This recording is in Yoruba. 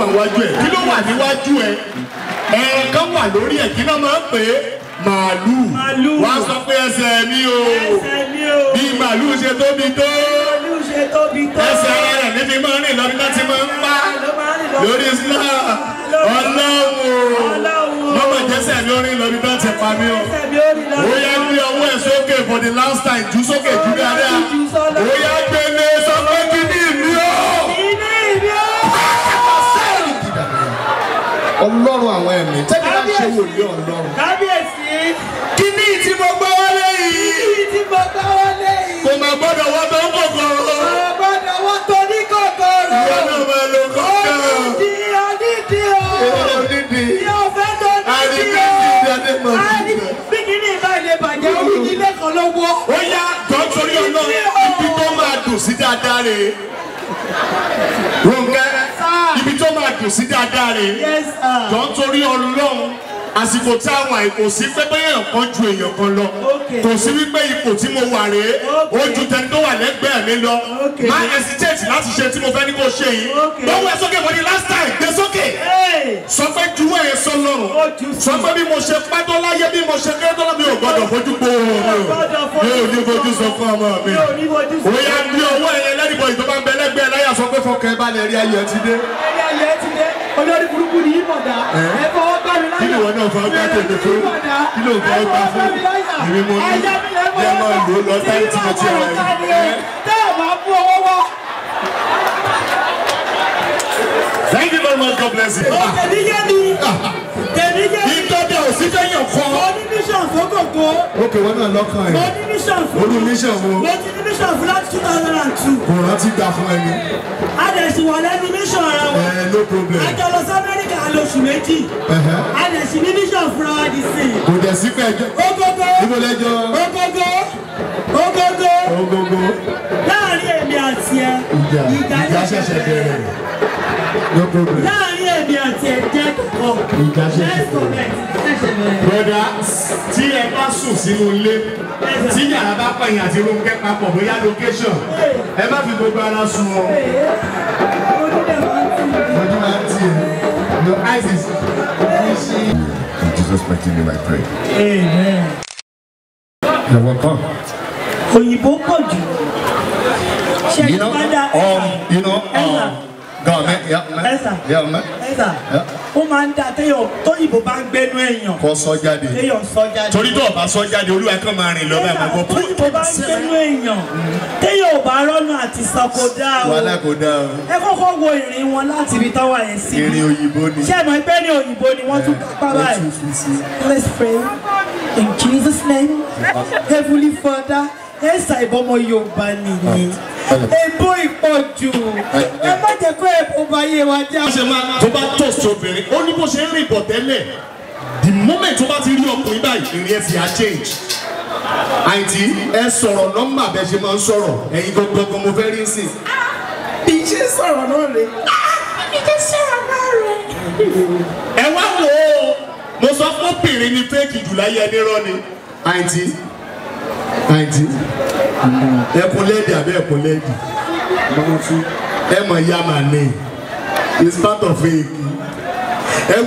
ó wà níwájú ẹ̀ kí ló wà níwájú ẹ̀ ẹ̀ẹ̀kan wà lórí ẹ̀ kí náà máa ń pè é màálù wá sọ pé ẹsẹ̀ mi o bí màálù ṣe tóbi tó ẹsẹ̀ rẹ̀ níbi máa ń rìn lọ́dún láti máa ń pa lórí islam ọlọ́run mọ́mọ́ jẹ́sẹ̀ mi ó rìn lọ́dún láti pa mí o ó yẹ kí ọwọ́ ẹ̀ sókè for the last time jù sókè jù. ọlọ́run àwọn ẹ̀mí tẹ́lẹ̀ bá ṣe wòlíì ọlọ́run. kábíyèsí. kí ni ìtì mo gbọ́ wọlé yìí. kí ni ìtì mo gbọ́ wọlé yìí. kò má gbọ́dọ̀ wọ́n tó ń kòkòrò. kò má gbọ́dọ̀ wọ́n tó ní kòkòrò. ìwọ náà máa lo kọ́kọ́. ó ní di onídìí o. ìwọ náà ní di. ìyá ọ̀fẹ́ tó ní ló wọ́. ó yá jọ́ńtorí ọlọ́run ibi tó máa dùn sí dáadáa rè é àjò sí dáadáa rè é jọ ń torí ọlọ́run àsìkò tí àwọn àìkò sí pé bẹ́ẹ̀ kan ju èèyàn kan lọ kò sí wípé ipò tí mo wà rèé ó ju tẹni tó wà lẹ́gbẹ̀ẹ́ mi lọ má hesitate láti ṣe tí mo fẹ́ ní kó ṣe yìí lọ́wọ́ ẹ sókè mo ní last time gbé sókè sọ pé juwọ́ ẹ sọ lọ́rùn sọ pé bí mo ṣe pátọ́ láyé bí mo ṣe kéré tọ́lá mi ò gbọ́dọ̀ fojú gbó ọmọ mi ò ní fojú sọ fún ọmọ mi òye àbí ọwọ́ ẹ̀yẹ lẹ́nìbọ̀ ìjọba ń bẹ lẹ́gbẹ̀ẹ́ láyà sọ pé fọkàn ẹ balẹ̀ rí ayé ẹ ti dé olórí burúkú ni ìmọ̀dá ẹ láyà kí ni wọn náà fọwọ́ bá tèmi fún kí ló ń fọwọ́ bá fún èmi mo ní bí ẹ máa lò lọ sáyé yìí. tẹ́ ẹ máa bú ọwọ́ wá. Thank you very much God bless you. Ah. ìtọ́jà òsínfẹ́yàn kọ́ mission fókòkò. ok wọn náà lọ́kàn ẹ̀. mo ní mission fún. olú mission wo. mo ti ní mission fún láti two thousand and two. kò rántí gbà fún ẹni. a dẹ̀ sì wà lẹ́nu mission ara wa. ẹ eh, no problem. a jọ lọ sí Amẹ́ríkà lóṣù méjì. a dẹ̀ sì ní mission fúnra wa di sí. kò dẹ̀ sí pẹ́ẹ́jọ́. ogogo. ibo lẹ́jọ́. ogogo. ogogo. ogogo ìjà ìjà ṣẹ̀ṣẹ̀ bẹ̀rẹ̀ no problem. láàrin èmi àti ẹ̀jẹ̀ kọ̀ọ̀kan ìjà ṣẹ̀ṣẹ̀ bẹ̀rẹ̀. broda tí ẹ bá sùn sínú ilé tí yàrá bá pẹ̀yìn àti Rónkẹ́ papọ̀ bóyá location ẹ má fi gbogbo ara sùn o. ojú máa ń tì ẹ́ no isis. Jesus my name I pray. Amen. You're welcome. Òyìnbó pọ̀ jù. Um, you know, um, you know, um, gọọmẹ yeah, yọmẹ ó yeah. ń da téèyàn tóyìnbó bá ń gbẹnu èèyàn kó sọ jáde téèyàn sọ jáde torí tó o bá sọ jáde olúwa kan máa rìn lọ báyìí máa gbọ́ pọ tóyìnbó bá ń gbẹnu èèyàn mm-hmm. téèyàn ò bá rọnà àti sọ kò dáa o wàhálà kò dáa o ẹ kọ́kọ́ wo ìrìn wọn láti ibi táwa yẹn sí ìrìn òyìnbó ni ṣé ẹ mọ̀ pé ní ni wọ́n tún kápá báyìí let's pray in Jesus name heavenly father ẹ̀sà ìbọmọ Yorùbá nìyí èbó ìpọ̀jù ẹ má jẹ́ kó èbó bá yé wa jẹ́. ó ṣe máa tó bá tọ̀ sí obìnrin ó ní bó ṣe ń rìn bọ̀ tẹ́lẹ̀ the moment tó bá ti rí ọkùnrin báyìí ìrìn ẹsẹ̀ á change àìtí ẹ sọ̀rọ̀ nọ́mbà bẹ́ẹ̀ ṣe máa ń sọ̀rọ̀ ẹ̀yin gbọ̀ngbọ̀ngbọ̀n mo fẹ́ rí sí i. Ah, ìṣe sọ̀rọ̀ náà rè ah, ìṣe sọ̀rọ̀ náà rè. ẹ wá wò ó mo sọ fún obìnrin ni fẹ́ẹ̀kì jùlá yẹ ní rọ́ni àìtí àǹtí ẹkùn lẹ́ẹ̀dì àbí ẹkùn lẹ́ẹ̀dì ẹ mọ̀ ya màá ní it's part of it ẹ